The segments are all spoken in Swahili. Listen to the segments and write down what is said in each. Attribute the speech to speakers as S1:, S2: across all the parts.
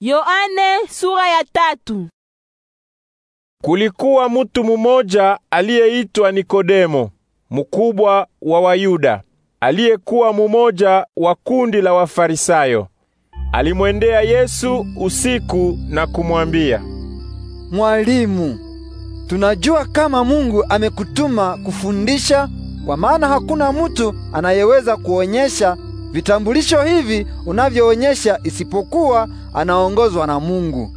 S1: Yohane sura ya tatu.
S2: Kulikuwa mutu mumoja aliyeitwa Nikodemo, mkubwa wa Wayuda, aliyekuwa mumoja wa kundi la Wafarisayo. Alimwendea Yesu usiku na kumwambia, Mwalimu,
S3: tunajua kama Mungu amekutuma kufundisha, kwa maana hakuna mutu anayeweza kuonyesha vitambulisho hivi unavyoonyesha, isipokuwa anaongozwa na Mungu.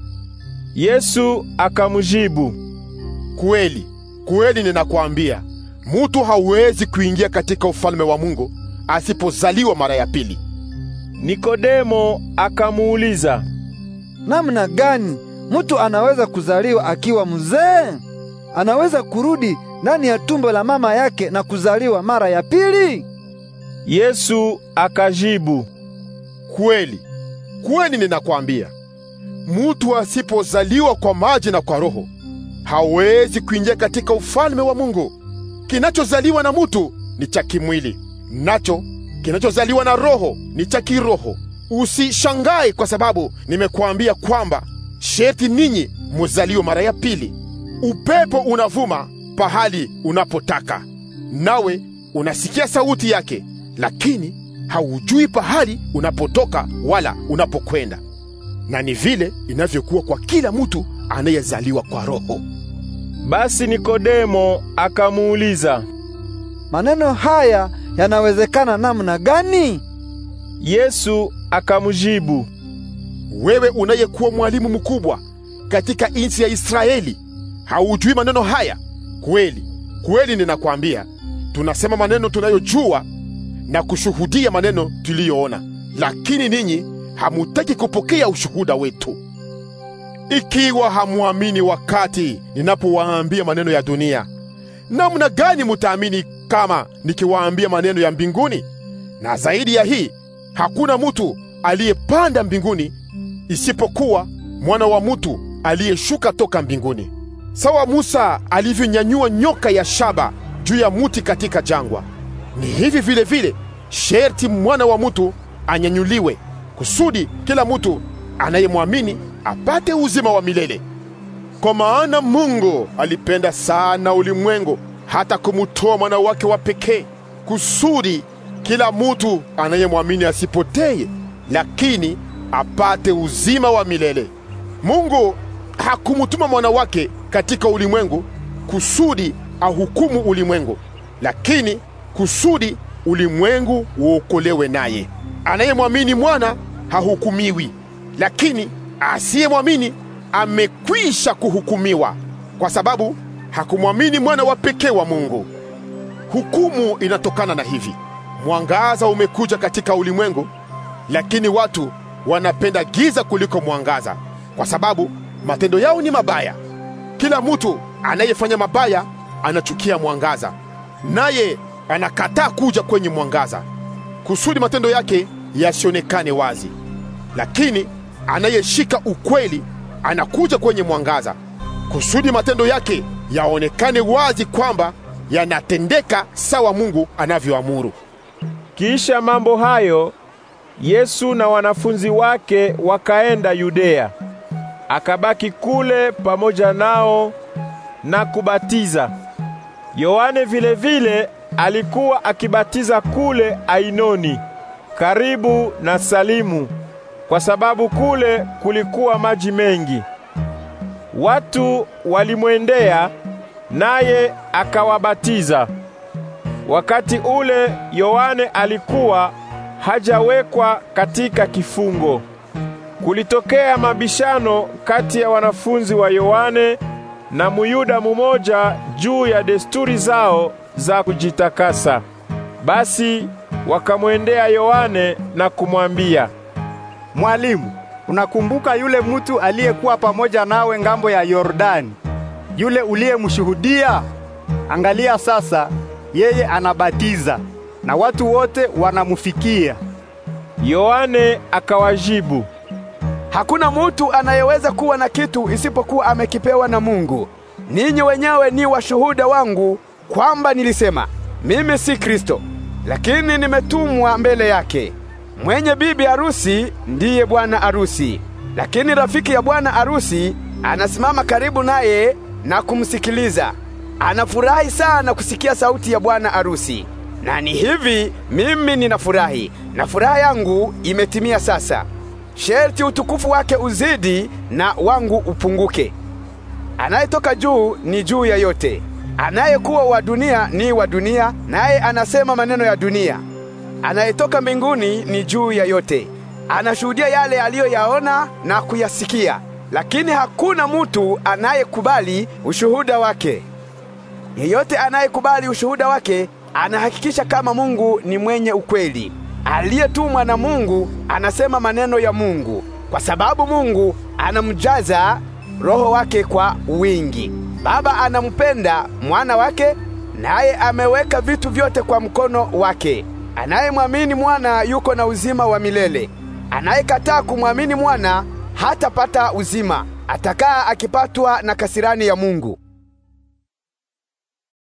S3: Yesu akamjibu, kweli kweli ninakwambia, mutu hawezi kuingia katika ufalme wa Mungu asipozaliwa mara ya pili. Nikodemo akamuuliza, namna gani mutu anaweza kuzaliwa akiwa mzee? Anaweza kurudi ndani ya tumbo la mama yake na kuzaliwa mara ya pili? Yesu akajibu, kweli kweli ninakwambia, mutu asipozaliwa kwa maji na kwa Roho hawezi kuingia katika ufalme wa Mungu. Kinachozaliwa na mutu ni cha kimwili, nacho kinachozaliwa na Roho ni cha kiroho. Usishangae kwa sababu nimekuambia kwamba sherti ninyi muzaliwe mara ya pili. Upepo unavuma pahali unapotaka, nawe unasikia sauti yake, lakini haujui pahali unapotoka wala unapokwenda. Na ni vile inavyokuwa kwa kila mtu anayezaliwa kwa Roho. Basi Nikodemo akamuuliza, maneno haya yanawezekana namna gani? Yesu akamjibu, wewe unayekuwa mwalimu mkubwa katika nchi ya Israeli haujui maneno haya? Kweli kweli ninakwambia, tunasema maneno tunayojua na kushuhudia maneno tuliyoona, lakini ninyi hamutaki kupokea ushuhuda wetu. Ikiwa hamwamini wakati ninapowaambia maneno ya dunia, namna gani mutaamini kama nikiwaambia maneno ya mbinguni? Na zaidi ya hii, hakuna mutu aliyepanda mbinguni isipokuwa mwana wa mutu aliyeshuka toka mbinguni. Sawa Musa alivyonyanyua nyoka ya shaba juu ya muti katika jangwa, ni hivi vile vile sherti mwana wa mtu anyanyuliwe, kusudi kila mtu anayemwamini apate uzima wa milele. Kwa maana Mungu alipenda sana ulimwengu hata kumutoa mwana wake wa pekee, kusudi kila mtu anayemwamini asipotee, lakini apate uzima wa milele. Mungu hakumutuma mwana wake katika ulimwengu kusudi ahukumu ulimwengu, lakini kusudi ulimwengu uokolewe naye. Anayemwamini mwana hahukumiwi, lakini asiyemwamini amekwisha kuhukumiwa, kwa sababu hakumwamini mwana wa pekee wa Mungu. Hukumu inatokana na hivi: mwangaza umekuja katika ulimwengu, lakini watu wanapenda giza kuliko mwangaza, kwa sababu matendo yao ni mabaya. Kila mtu anayefanya mabaya anachukia mwangaza, naye anakataa kuja kwenye mwangaza kusudi matendo yake yasionekane wazi, lakini anayeshika ukweli anakuja kwenye mwangaza kusudi matendo yake yaonekane wazi kwamba yanatendeka sawa Mungu anavyoamuru.
S2: Kisha mambo hayo Yesu na wanafunzi wake wakaenda Yudea, akabaki kule pamoja nao na kubatiza. Yohane vilevile alikuwa akibatiza kule Ainoni karibu na Salimu, kwa sababu kule kulikuwa maji mengi. Watu walimwendea naye akawabatiza. Wakati ule Yohane alikuwa hajawekwa katika kifungo. Kulitokea mabishano kati ya wanafunzi wa Yohane na Muyuda mmoja juu ya desturi zao za kujitakasa. Basi wakamwendea Yohane na kumwambia, Mwalimu, unakumbuka yule mutu aliyekuwa pamoja nawe ngambo ya Yordani, yule uliyemshuhudia? Angalia sasa, yeye anabatiza na watu wote
S1: wanamufikia. Yohane akawajibu, Hakuna mutu anayeweza kuwa na kitu isipokuwa amekipewa na Mungu. Ninyi wenyewe ni washuhuda wangu kwamba nilisema mimi si Kristo, lakini nimetumwa mbele yake. Mwenye bibi harusi ndiye bwana harusi, lakini rafiki ya bwana harusi anasimama karibu naye na kumsikiliza. Anafurahi sana kusikia sauti ya bwana harusi. Na ni hivi mimi ninafurahi, na furaha yangu imetimia sasa. Sherti utukufu wake uzidi na wangu upunguke. Anayetoka juu ni juu ya yote. Anayekuwa wa dunia ni wa dunia, naye anasema maneno ya dunia. Anayetoka mbinguni ni juu ya yote, anashuhudia yale aliyoyaona na kuyasikia, lakini hakuna mutu anayekubali ushuhuda wake. Yeyote anayekubali ushuhuda wake anahakikisha kama Mungu ni mwenye ukweli. Aliyetumwa na Mungu anasema maneno ya Mungu, kwa sababu Mungu anamjaza Roho wake kwa wingi. Baba anampenda mwana wake, naye ameweka vitu vyote kwa mkono wake. Anayemwamini mwana yuko na uzima wa milele, anayekataa kumwamini mwana hatapata uzima, atakaa akipatwa na kasirani ya Mungu.